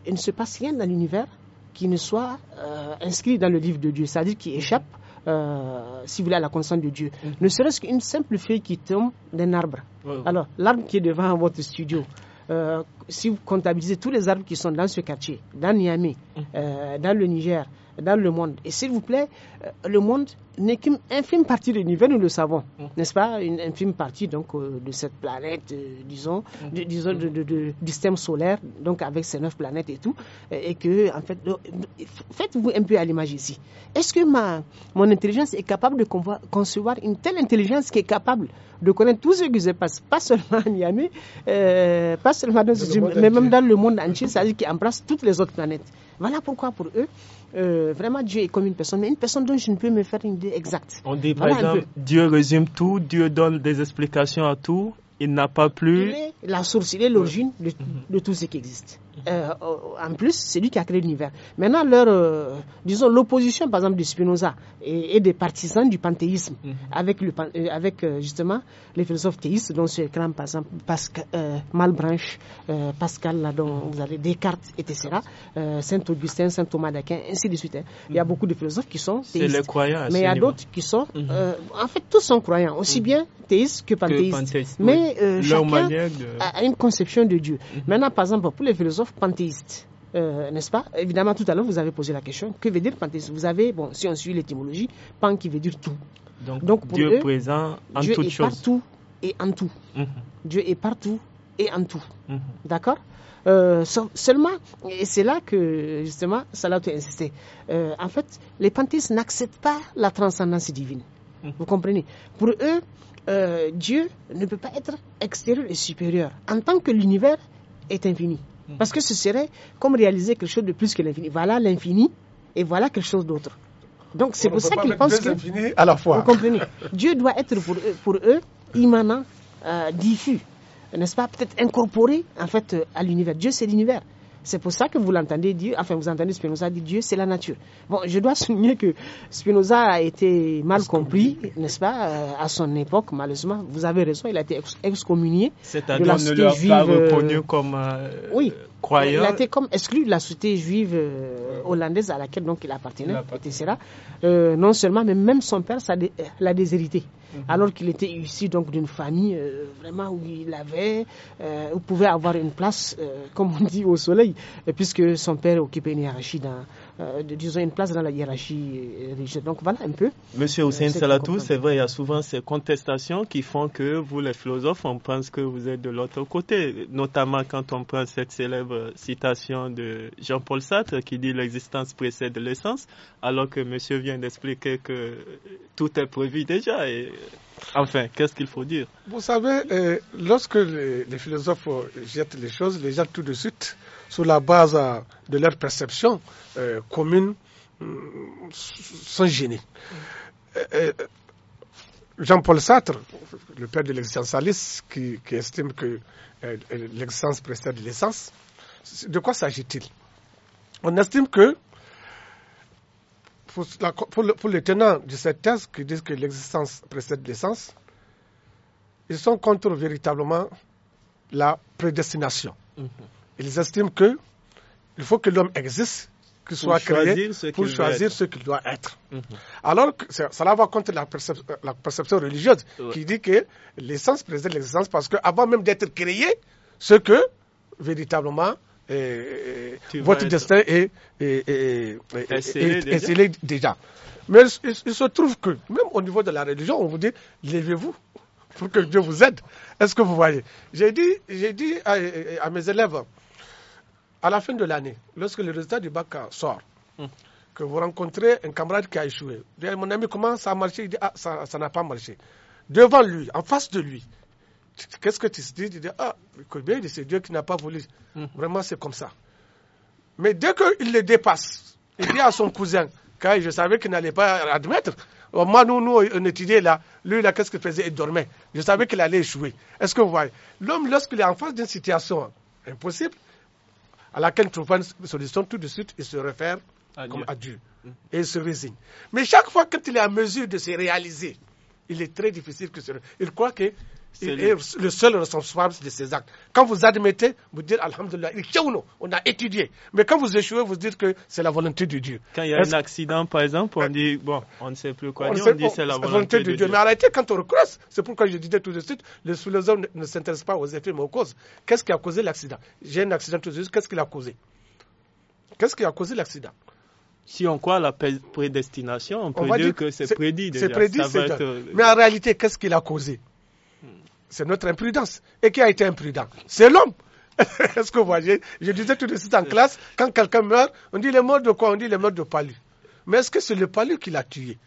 il ne se passe rien dans l'univers qui ne soit inscrit dans le livre de Dieu, c'est-à-dire qui échappe euh, si vous voulez, à la conscience de Dieu. Mm-hmm. Ne serait-ce qu'une simple feuille qui tombe d'un arbre. Alors, l'arbre qui est devant votre studio, euh, si vous comptabilisez tous les arbres qui sont dans ce quartier, dans Niamey, mm. euh, dans le Niger, dans le monde. Et s'il vous plaît, euh, le monde n'est qu'une infime partie de l'univers, nous le savons, mm. n'est-ce pas Une infime partie donc euh, de cette planète, euh, mm. disons, de, disons de, du système solaire, donc avec ses neuf planètes et tout, et, que en fait, faites-vous un peu à l'image ici. Est-ce que ma mon intelligence est capable de concevoir une telle intelligence qui est capable de connaître tout ce qui se passe, pas seulement à Niamey, pas seulement dans ce, mais même dans le monde entier, c'est-à-dire qui embrasse toutes les autres planètes. Voilà pourquoi pour eux, euh, vraiment Dieu est comme une personne, mais une personne dont je ne peux me faire une idée exacte. On dit par exemple, Dieu résume tout, Dieu donne des explications à tout, il n'a pas plus... Il est la source, il est l'origine de, tout ce qui existe. Euh, euh, en plus, c'est lui qui a créé l'univers. Maintenant, leur, euh, disons, l'opposition, par exemple, de Spinoza et, des partisans du panthéisme, mhm. avec, le, avec justement les philosophes théistes, dont sur l'écran, par exemple, Malbranche, Pascal, là, dont vous avez Descartes, etc., Saint-Augustin, Saint-Thomas d'Aquin, ainsi de suite. Hein. Il y a mhm. beaucoup de philosophes qui sont théistes. croyants. Mais il y a d'autres qui sont, mhm. en fait, tous sont croyants, aussi bien théistes que panthéistes. Que panthéistes mais euh, à chacun a une conception de Dieu. Mhm. Maintenant, par exemple, pour les philosophes panthéistes, euh, n'est-ce pas Évidemment, tout à l'heure, vous avez posé la question, que veut dire panthéiste Vous avez, bon, si on suit l'étymologie, pan qui veut dire tout. Donc, Dieu est présent en mhm. Dieu est partout et en tout. Dieu est partout et en tout. D'accord euh, seulement, et c'est là que justement Salato a insisté, en fait, les panthéistes n'acceptent pas la transcendance divine. Mhm. Vous comprenez Pour eux, euh, Dieu ne peut pas être extérieur et supérieur, en tant que l'univers est infini. Mhm. Parce que ce serait comme réaliser quelque chose de plus que l'infini. Voilà l'infini et voilà quelque chose d'autre. Donc c'est pour ça qu'ils pensent que... Infini à la fois. Vous comprenez Dieu doit être pour eux, pour eux immanent, euh, diffus, n'est-ce pas Peut-être incorporé en fait euh, à l'univers. Dieu c'est l'univers. C'est pour ça que vous l'entendez dire, enfin vous entendez Spinoza dit Dieu, c'est la nature. Bon, je dois souligner que Spinoza a été mal compris, n'est-ce pas, euh, à son époque, malheureusement. Vous avez raison, il a été excommunié. C'est-à-dire, reconnu euh, comme. Euh, oui. Il a été comme exclu de la société juive euh, hollandaise à laquelle donc il appartenait, etc. Euh, non seulement, mais même son père euh, l'a déshérité. Mhm. Alors qu'il était issu donc d'une famille vraiment où il avait, où pouvait avoir une place, comme on dit, au soleil, puisque son père occupait une hiérarchie dans, euh, disons, une place dans la hiérarchie euh, religieuse. Donc voilà un peu. Monsieur euh, Hussein Salatou, c'est vrai, il y a souvent ces contestations qui font que vous, les philosophes, on pense que vous êtes de l'autre côté, notamment quand on prend cette célèbre citation de Jean-Paul Sartre qui dit l'existence précède l'essence, alors que monsieur vient d'expliquer que tout est prévu déjà. Et... Euh, enfin, qu'est-ce qu'il faut dire Vous savez, lorsque les, philosophes jettent les choses, les gens tout de suite sur la base euh, de leur perception euh, commune, euh, sont gênés. Jean-Paul Sartre, le père de l'existentialisme, qui, estime que l'existence précède l'essence, de quoi s'agit-il On estime que, pour, les tenants de cette thèse qui disent que l'existence précède l'essence, ils sont contre véritablement la prédestination. Mm-hmm. Ils estiment que il faut que l'homme existe, qu'il soit créé pour choisir ce qu'il doit être. Mhm. Alors, que cela va contre la, la perception religieuse qui dit que l'essence présente l'existence parce qu'avant même d'être créé, ce que véritablement euh, euh, votre destin est, est, déjà. Mais il, se trouve que, même au niveau de la religion, on vous dit, levez-vous pour que Dieu vous aide. Est-ce que vous voyez J'ai dit, dit à mes élèves, à la fin de l'année, lorsque le résultat du bac sort, hmm. que vous rencontrez un camarade qui a échoué, mon ami, comment ça a marché Il dit, ah, ça n'a pas marché. Devant lui, en face de lui, qu'est-ce que tu te dis Il dit, ah, c'est Dieu qui n'a pas voulu. Hmm. Vraiment, c'est comme ça. Mais dès qu'il le dépasse, il dit à son cousin, car je savais qu'il n'allait pas admettre, oh, moi, nous, nous, on étudiait là. Lui, là, qu'est-ce qu'il faisait Il dormait. Je savais qu'il allait échouer. Est-ce que vous voyez L'homme, lorsqu'il est en face d'une situation impossible, à laquelle trouve une solution, tout de suite, il se réfère à comme Dieu. Mm. Et il se résigne. Mais chaque fois qu'il est en mesure de se réaliser, il est très difficile que ce. Il croit que est le seul responsable de ses actes. Quand vous admettez, vous dites Alhamdulillah, il non, on a étudié. Mais quand vous échouez, vous dites que c'est la volonté de Dieu. Quand il y a un accident, par exemple, on dit, bon, on ne sait plus quoi on, dit, on c'est la volonté, de, Dieu. Dieu. Mais arrêtez, quand on recrosse, c'est pourquoi je disais tout de suite, les sous ne, ne s'intéressent pas aux effets, mais aux causes. Qu'est-ce qui a causé l'accident J'ai un accident tout de suite, qu'est-ce qui l'a causé Qu'est-ce qui a causé l'accident si on croit la prédestination, on peut dire, que c'est prédit. Déjà. prédit, c'est euh, Mais en réalité, qu'est-ce qu'il a causé c'est notre imprudence. Et qui a été imprudent C'est l'homme. Est-ce que vous voyez Je disais tout de suite en classe, quand quelqu'un meurt, on dit les mort de quoi On dit les mort de palu. Mais est-ce que c'est le palu qui l'a tué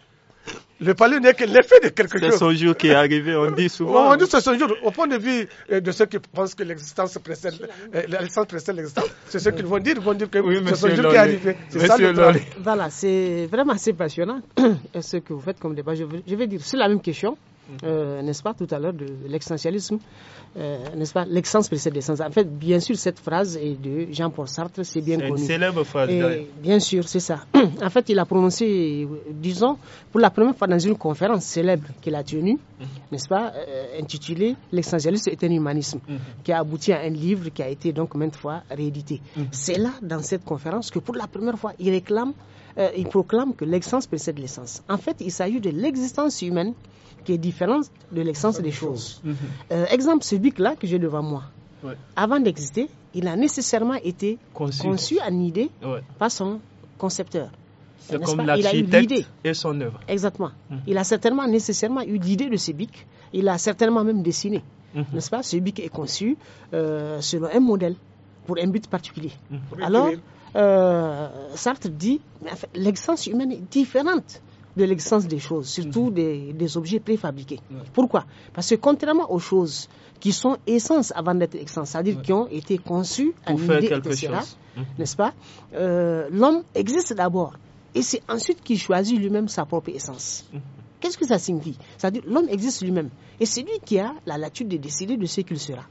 le palu n'est que l'effet de quelque chose. C'est son jour qui est arrivé, on dit souvent. On dit c'est son jour. Au point de vue euh, de ceux qui pensent que l'existence euh, précède l'existence, c'est ce qu'ils vont dire. Ils vont dire que c'est son jour qui est arrivé. C'est ça le Voilà, c'est vraiment assez passionnant ce que vous faites comme débat. Je vais, dire c'est la même question. Mhm. Euh, n'est-ce pas, tout à l'heure de l'existentialisme, euh, n'est-ce pas, l'existence précède l'essence. En fait, bien sûr, cette phrase est de Jean-Paul Sartre, c'est bien connu. C'est une célèbre phrase. bien sûr, c'est ça. en fait, il a prononcé, euh, disons, pour la première fois dans une conférence célèbre qu'il a tenue, mhm. n'est-ce pas, intitulée L'existentialisme est un humanisme, mhm. qui a abouti à un livre qui a été donc maintes fois réédité. C'est là, dans cette conférence, que pour la première fois, il réclame euh, il proclame que l'existence précède l'essence. En fait, il s'agit de l'existence humaine qui est différente de l'essence des choses. Mhm. Euh, exemple, ce bic-là que j'ai devant moi, avant d'exister, il a nécessairement été conçu, en idée par son concepteur. C'est comme l'architecte et son œuvre. Exactement. Mhm. Il a certainement nécessairement eu l'idée de ce bic. Il a certainement même dessiné. Mhm. N'est-ce pas Ce bic est conçu euh, selon un modèle pour un but particulier. Alors, euh, Sartre dit, l'existence humaine est différente de l'existence des choses, surtout mhm. des, objets préfabriqués. Pourquoi Parce que contrairement aux choses qui sont essence avant d'être essence, c'est-à-dire qui ont été conçues pour faire quelque mhm. n'est-ce pas euh, L'homme existe d'abord et c'est ensuite qu'il choisit lui-même sa propre essence. Mhm. Qu'est-ce que ça signifie C'est-à-dire l'homme existe lui-même et c'est lui qui a la latitude de décider de ce qu'il sera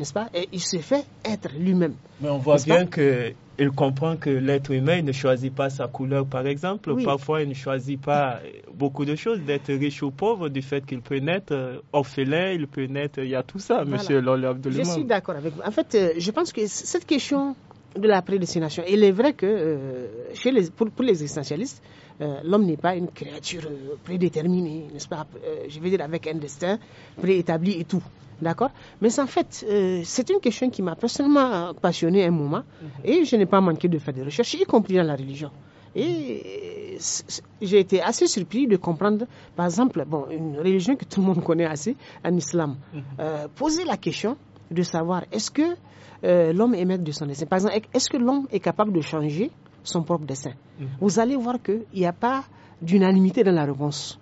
n'est-ce pas Et il se fait être lui-même. Mais on voit bien qu'il comprend que l'être humain ne choisit pas sa couleur, par exemple. Parfois, il ne choisit pas beaucoup de choses, d'être riche ou pauvre, du fait qu'il peut naître euh, orphelin, il peut naître. Il y a tout ça, voilà. de Je suis d'accord avec vous. En fait, euh, je pense que cette question de la prédestination. Il est vrai que euh, chez les, pour, les existentialistes, l'homme n'est pas une créature prédéterminée, n'est-ce pas Je veux dire avec un destin préétabli et tout. D'accord Mais en fait, euh, c'est une question qui m'a personnellement passionné un moment mhm. et je n'ai pas manqué de faire des recherches, y compris dans la religion. Et j'ai été assez surpris de comprendre, par exemple, bon, une religion que tout le monde connaît assez, un islam. Mhm. Euh, poser la question de savoir est-ce que euh, l'homme est maître de son destin. Par exemple, est-ce que l'homme est capable de changer son propre destin mhm. Vous allez voir qu'il n'y a pas d'unanimité dans la réponse.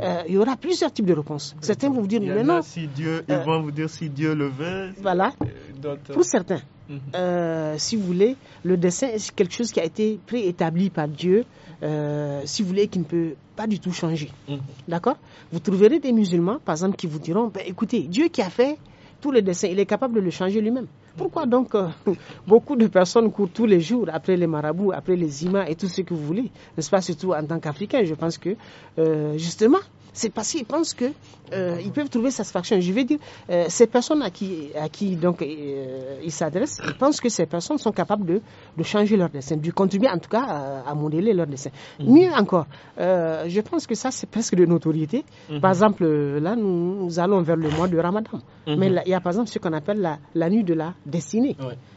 Euh, il y aura plusieurs types de réponses. Certains vont vous dire, mais non. Si Dieu, ils euh, vont vous dire si Dieu le veut. Voilà. Pour certains. Mhm. Euh, si vous voulez, le dessin est quelque chose qui a été préétabli par Dieu, si vous voulez, qui ne peut pas du tout changer. Mhm. D'accord Vous trouverez des musulmans, par exemple, qui vous diront, ben, écoutez, Dieu qui a fait tout le dessin, il est capable de le changer lui-même. Pourquoi donc euh, beaucoup de personnes courent tous les jours après les marabouts, après les imams et tout ce que vous voulez, n'est-ce pas, surtout en tant qu'Africain Je pense que, euh, justement, c'est parce qu'ils pensent que euh, ils peuvent trouver satisfaction. Je veux dire, euh, ces personnes à qui, à qui donc euh, ils s'adressent, ils pensent que ces personnes sont capables de, de changer leur dessin, de contribuer en tout cas à, à modeler leur dessin. Mhm. Mieux encore, je pense que ça c'est presque de notoriété. Mhm. Par exemple, là nous, allons vers le mois de Ramadan, mhm. mais il y a par exemple ce qu'on appelle la, la nuit de la destinée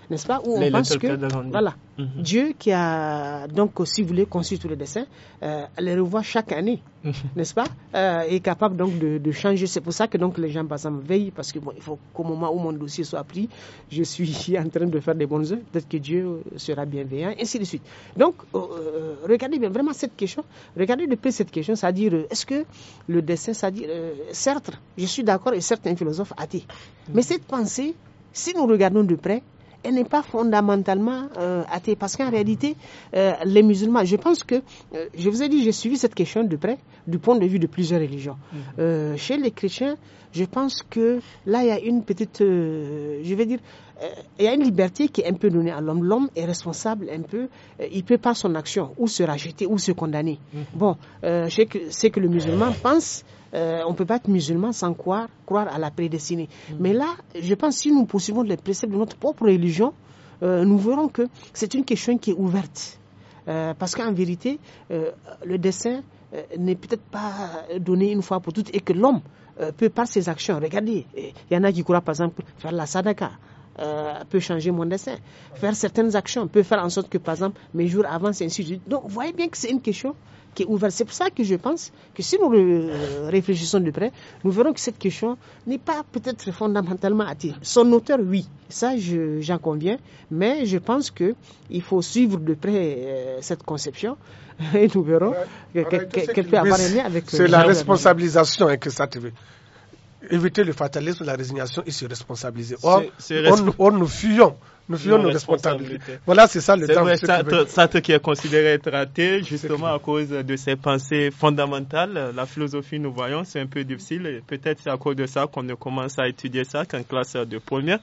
n'est-ce pas Où on pense que voilà, mm-hmm. Dieu qui a donc, si vous voulez, conçu tous les dessins euh, les revoit chaque année, mm-hmm. n'est-ce pas Est euh, capable donc de, changer. C'est pour ça que donc les gens passent en veille parce que il faut qu'au moment où mon dossier soit pris, je suis en train de faire des bonnes œuvres. Peut-être que Dieu sera bienveillant, ainsi de suite. Donc, euh, regardez bien vraiment cette question. Regardez de près cette question, c'est-à-dire est-ce que le dessin, c'est-à-dire certes, je suis d'accord et certains philosophes athées, mais mm-hmm. cette pensée si nous regardons de près, elle n'est pas fondamentalement euh, athée. Parce qu'en réalité, euh, les musulmans, je pense que, euh, je vous ai dit, j'ai suivi cette question de près du point de vue de plusieurs religions. Mhm. chez les chrétiens, je pense que là, il y a une petite, je vais dire, il y a une liberté qui est un peu donnée à l'homme. L'homme est responsable un peu. il peut par son action ou se racheter ou se condamner. Mhm. Bon, c'est que, que le musulman pense euh, on ne peut pas être musulman sans croire, à la prédestinée. Mm. Mais là, je pense que si nous poursuivons les préceptes de notre propre religion, euh, nous verrons que c'est une question qui est ouverte. Euh, parce qu'en vérité, le destin n'est peut-être pas donné une fois pour toutes et que l'homme peut par ses actions, regardez, il y en a qui croient par exemple faire la sadaka, euh, peut changer mon destin. Faire certaines actions peut faire en sorte que, par exemple, mes jours avancent ainsi de suite. Donc, vous voyez bien que c'est une question qui est ouverte. C'est pour ça que je pense que si nous réfléchissons de près, nous verrons que cette question n'est pas peut-être fondamentalement attirée. Son auteur, oui, ça j'en conviens, mais je pense que il faut suivre de près euh, cette conception et nous verrons qu'elle peut avoir un lien avec... Euh, c'est la responsabilisation hein, que ça, veut éviter le fatalisme, la résignation et se responsabiliser. Or, nous fuyons nous faisons nos responsabilités. Voilà, c'est ça le terme. Sartre qui est considéré être raté, justement à cause de ses pensées fondamentales. La philosophie, nous voyons, c'est un peu difficile. Peut-être c'est à cause de ça qu'on ne commence à étudier ça qu'en classe de première.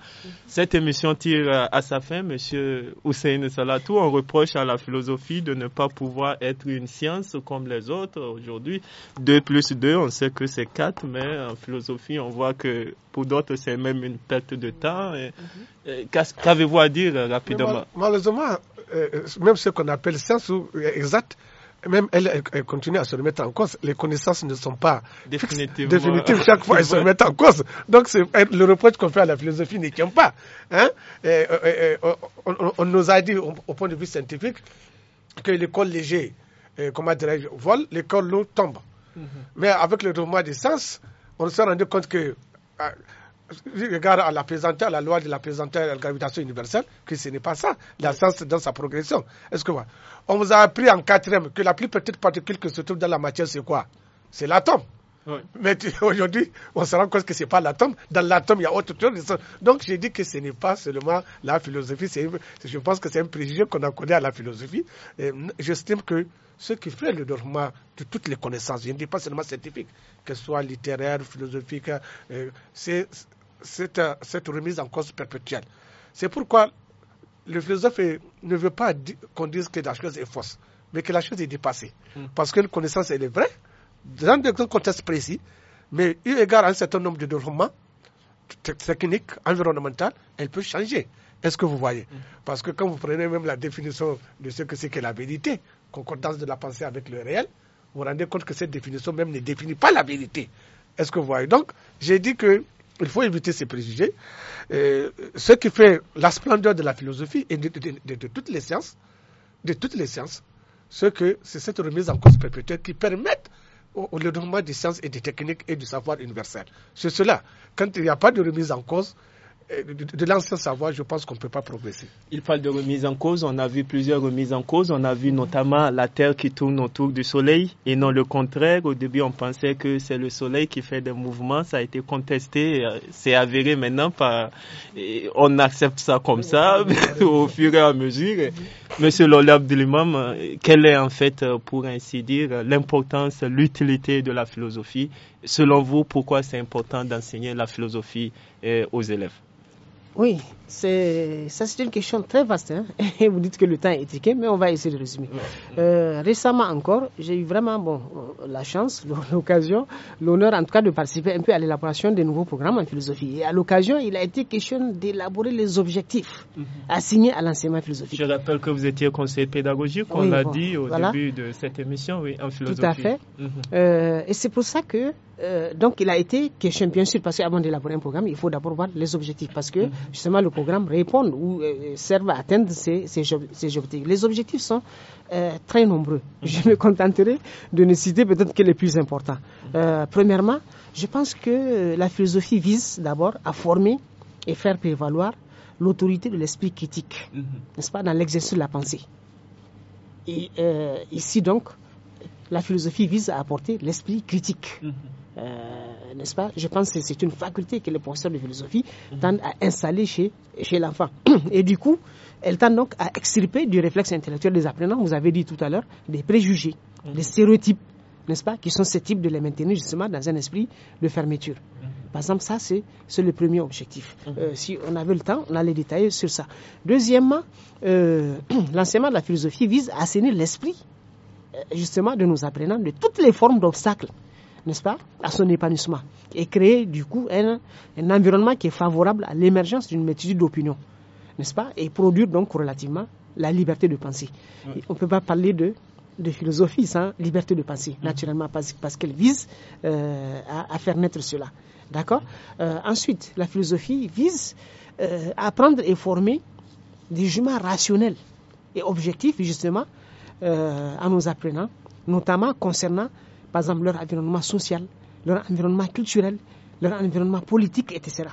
Cette émission tire euh, à sa fin. Monsieur Hussein Salatou, on reproche à la philosophie de ne pas pouvoir être une science comme les autres aujourd'hui. 2 plus deux, on sait que c'est quatre. mais en philosophie, on voit que pour d'autres, c'est même une perte de temps. Et mhm. Euh, qu'avez-vous à dire euh, rapidement Malheureusement, euh, même ce qu'on appelle science exacte, même elle, continue à se remettre en cause. Les connaissances ne sont pas définitives. chaque fois, elles se remettent en cause. Donc le reproche qu'on fait à la philosophie n'y tient pas. Hein. on, nous a dit au, point de vue scientifique que l'école léger, comment dirais-je, vole, l'école lourde tombe. Mm-hmm. Mais avec le mouvement des sens, on s'est rendu compte que regarde à la, présenter, à la loi de la la gravitation universelle, que ce n'est pas ça, la science dans sa progression. Est-ce que On vous a appris en quatrième que la plus petite particule qui se trouve dans la matière, c'est quoi C'est l'atome. Mais aujourd'hui, on se rend compte que ce n'est pas l'atome. Dans l'atome, il y a autre chose. Donc, j'ai dit que ce n'est pas seulement la philosophie. Je pense que c'est un préjugé qu'on a connu à la philosophie. J'estime que ce qui fait le dormant de toutes les connaissances, je ne dis pas seulement scientifiques, que ce soit littéraire, philosophique, euh, c'est cette, cette remise en cause perpétuelle. C'est pourquoi le philosophe ne veut pas qu'on dise que la chose est fausse, mais que la chose est dépassée. Hmm. Parce que la connaissance, elle est vraie, dans un contexte précis, mais eu égard à un certain nombre de développements techniques, environnementaux, elle peut changer. Est-ce que vous voyez hmm. Parce que quand vous prenez même la définition de ce que c'est que la vérité, concordance de la pensée avec le réel, vous vous rendez compte que cette définition même ne définit pas la vérité. Est-ce que vous voyez Donc, j'ai dit que il faut éviter ces préjugés. Euh, ce qui fait la splendeur de la philosophie et de, toutes les sciences, de toutes les sciences, c'est que c'est cette remise en cause perpétuelle qui permet au, au développement des sciences et des techniques et du savoir universel. C'est cela. Quand il n'y a pas de remise en cause, de l'ancien savoir, je pense qu'on ne peut pas progresser. Il parle de remise en cause. On a vu plusieurs remises en cause. On a vu notamment la Terre qui tourne autour du Soleil et non le contraire. Au début, on pensait que c'est le Soleil qui fait des mouvements. Ça a été contesté. Euh, c'est avéré maintenant. Par... On accepte ça comme ça au fur et à mesure. Monsieur Lola Abdelimam, euh, quelle est en fait, euh, pour ainsi dire, l'importance, l'utilité de la philosophie Selon vous, pourquoi c'est important d'enseigner la philosophie aux élèves oui, c'est ça c'est une question très vaste. Et hein. vous dites que le temps est étriqué, mais on va essayer de résumer. Euh, récemment encore, j'ai eu vraiment bon euh, la chance, l'occasion, l'honneur en tout cas de participer un peu à l'élaboration des nouveaux programmes en philosophie. Et à l'occasion, il a été question d'élaborer les objectifs mhm. assignés à l'enseignement philosophique. Je rappelle que vous étiez conseiller pédagogique, on l'a dit au début de cette émission, oui, en philosophie. Tout à fait. Mhm. Euh, et c'est pour ça que donc il a été question bien sûr parce qu'avant d'élaborer un programme, il faut d'abord voir les objectifs parce que mhm. justement le répondent ou euh, euh, servent à atteindre ces, ces, objectifs. Les objectifs sont euh, très nombreux. Mhm. Je me contenterai de ne citer peut-être que les plus importants. premièrement, je pense que la philosophie vise d'abord à former et faire prévaloir l'autorité de l'esprit critique, mhm. n'est-ce pas, dans l'exercice de la pensée. Et ici donc, la philosophie vise à apporter l'esprit critique. Mhm. Euh, n'est-ce pas Je pense que c'est une faculté que les professeurs de philosophie mhm. tendent à installer chez, chez l'enfant. Et du coup, elle tend donc à extirper du réflexe intellectuel des apprenants, vous avez dit tout à l'heure, des préjugés, mhm. des stéréotypes, n'est-ce pas, qui sont types de les maintenir justement dans un esprit de fermeture. Par exemple, ça, c'est le premier objectif. Euh, si on avait le temps, on allait détailler sur ça. Deuxièmement, euh, l'enseignement de la philosophie vise à assainir l'esprit euh, justement de nous apprenant de toutes les formes d'obstacles, n'est-ce pas, à son épanouissement et créer du coup un, un environnement qui est favorable à l'émergence d'une multitude d'opinions, n'est-ce pas, et produire donc relativement la liberté de penser. on ne peut pas parler de de philosophie, sans liberté de penser, mm. naturellement, parce, qu'elle vise euh, à, faire naître cela. D'accord euh, Ensuite, la philosophie vise à apprendre et former des jugements rationnels et objectifs, justement, euh, à nos apprenants, notamment concernant, par exemple, leur environnement social, leur environnement culturel, leur environnement politique, etc.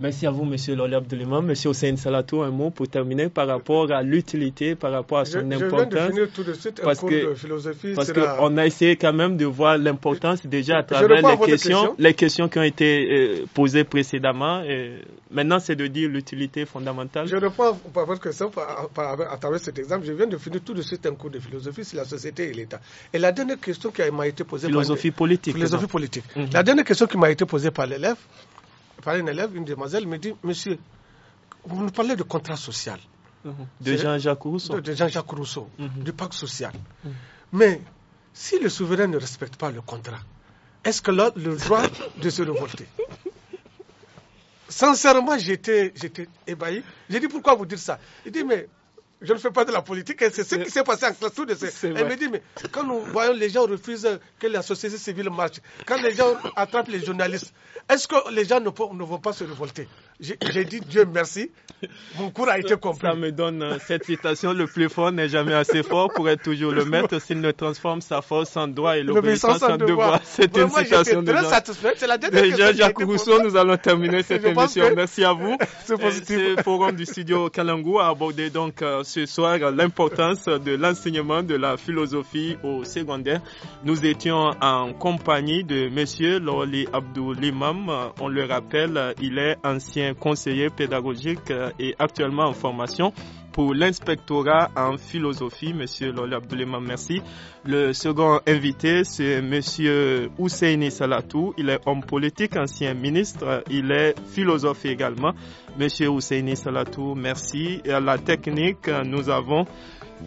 Merci à vous, Monsieur Lola Abdelimam. Monsieur Hossein Salato, un mot pour terminer par rapport à l'utilité, par rapport à son importance. je Viens de finir tout de suite un cours de philosophie. Parce qu'on a essayé quand même de voir l'importance déjà à travers les questions, les questions qui ont été euh, posées précédemment. maintenant, c'est de dire l'utilité fondamentale. Je reprends par votre question à travers cet exemple. Je viens de finir tout de suite un cours de philosophie sur la société et l'État. Et la dernière question qui m'a été posée philosophie par... Philosophie politique. Philosophie politique. Mhm. La dernière question qui m'a été posée par l'élève, par un élève, une demoiselle me dit Monsieur, vous nous parlez de contrat social. Mhm. De Jean-Jacques Rousseau. De, Jean-Jacques Rousseau, du pacte social. Mhm. Mais si le souverain ne respecte pas le contrat, est-ce que l'autre le droit de se révolter Sincèrement, j'étais ébahi. J'ai dit pourquoi vous dire ça Il dit mais je ne fais pas de la politique, c'est ce qui s'est passé en classe de Elle me dit, mais quand nous voyons les gens refusent que la société civile marche, quand les gens attrapent les journalistes, est-ce que les gens ne vont pas se révolter j'ai dit Dieu merci. Mon cours a été complet Ça me donne euh, cette citation le plus fort n'est jamais assez fort pour être toujours le maître s'il ne transforme sa force en droit et l'obéissance en devoir. C'est une citation de Jean. Jacques Rousseau. Nous allons terminer cette émission. Merci à vous. Ce forum du studio Kalangou a abordé donc euh, ce soir l'importance de l'enseignement de la philosophie au secondaire. Nous étions en compagnie de Monsieur Loli Abdoulimam. Euh, on le rappelle, il est ancien conseiller pédagogique et euh, actuellement en formation pour l'inspectorat en philosophie, Monsieur Lola Abdouleman, merci. Le second invité, c'est Monsieur Ousseini Salatou. Il est homme politique, ancien ministre. Il est philosophe également. Monsieur Ousseini Salatou, merci. Et à la technique, nous avons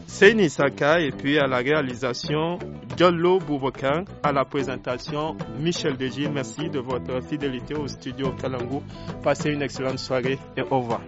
c'est Nisaka, et puis à la réalisation Jollo Boubokan, à la présentation Michel Deji. Merci de votre fidélité au studio Kalangou. Passez une excellente soirée et au revoir.